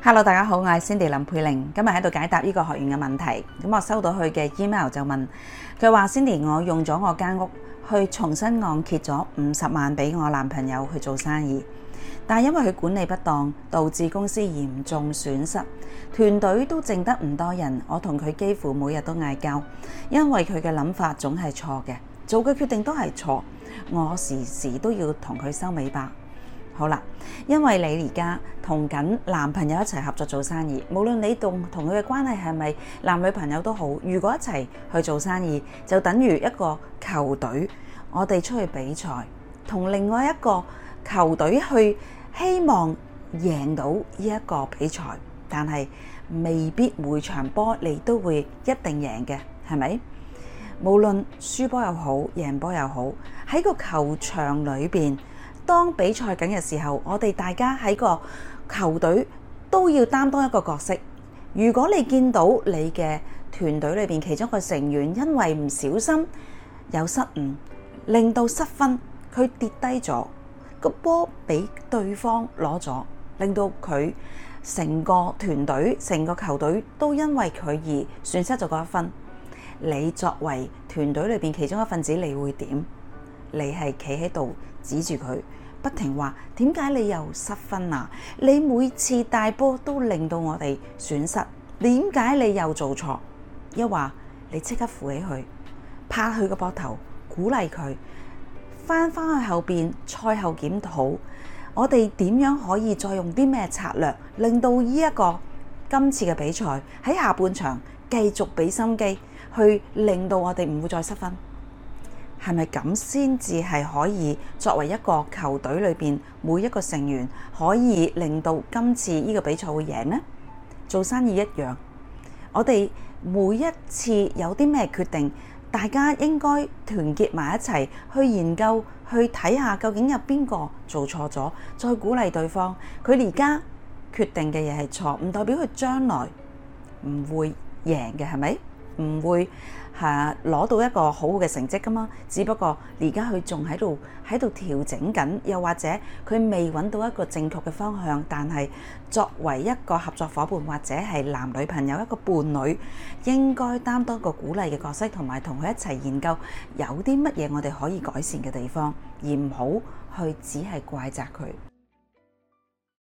Hello，大家好，我係 Cindy 林佩玲，今日喺度解答呢個學員嘅問題。咁我收到佢嘅 email 就問佢話：Cindy，我用咗我間屋去重新按揭咗五十萬俾我男朋友去做生意，但因為佢管理不當，導致公司嚴重損失，團隊都剩得唔多人，我同佢幾乎每日都嗌交，因為佢嘅諗法總係錯嘅，做嘅決定都係錯，我時時都要同佢收尾巴。好啦，因為你而家同緊男朋友一齊合作做生意，無論你同同佢嘅關係係咪男女朋友都好，如果一齊去做生意，就等於一個球隊，我哋出去比賽，同另外一個球隊去希望贏到呢一個比賽，但係未必每場波你都會一定贏嘅，係咪？無論輸波又好，贏波又好，喺個球場裏邊。當比賽緊嘅時候，我哋大家喺個球隊都要擔當一個角色。如果你見到你嘅團隊裏邊其中一個成員因為唔小心有失誤，令到失分，佢跌低咗，個波俾對方攞咗，令到佢成個團隊、成個球隊都因為佢而損失咗嗰一分，你作為團隊裏邊其中一份子，你會點？你係企喺度指住佢，不停話點解你又失分啊？你每次帶波都令到我哋損失，點解你又做錯？一話你即刻扶起佢，拍佢個膊頭，鼓勵佢翻翻去後邊，賽後檢討，我哋點樣可以再用啲咩策略，令到呢一個今次嘅比賽喺下半場繼續俾心機，去令到我哋唔會再失分。係咪咁先至係可以作為一個球隊裏邊每一個成員可以令到今次呢個比賽會贏呢？做生意一樣，我哋每一次有啲咩決定，大家應該團結埋一齊去研究，去睇下究竟有邊個做錯咗，再鼓勵對方。佢而家決定嘅嘢係錯，唔代表佢將來唔會贏嘅，係咪？唔會吓攞、啊、到一個好嘅成績㗎嘛，只不過而家佢仲喺度喺度調整緊，又或者佢未揾到一個正確嘅方向，但係作為一個合作伙伴或者係男女朋友一個伴侶，應該擔當個鼓勵嘅角色，同埋同佢一齊研究有啲乜嘢我哋可以改善嘅地方，而唔好去只係怪責佢。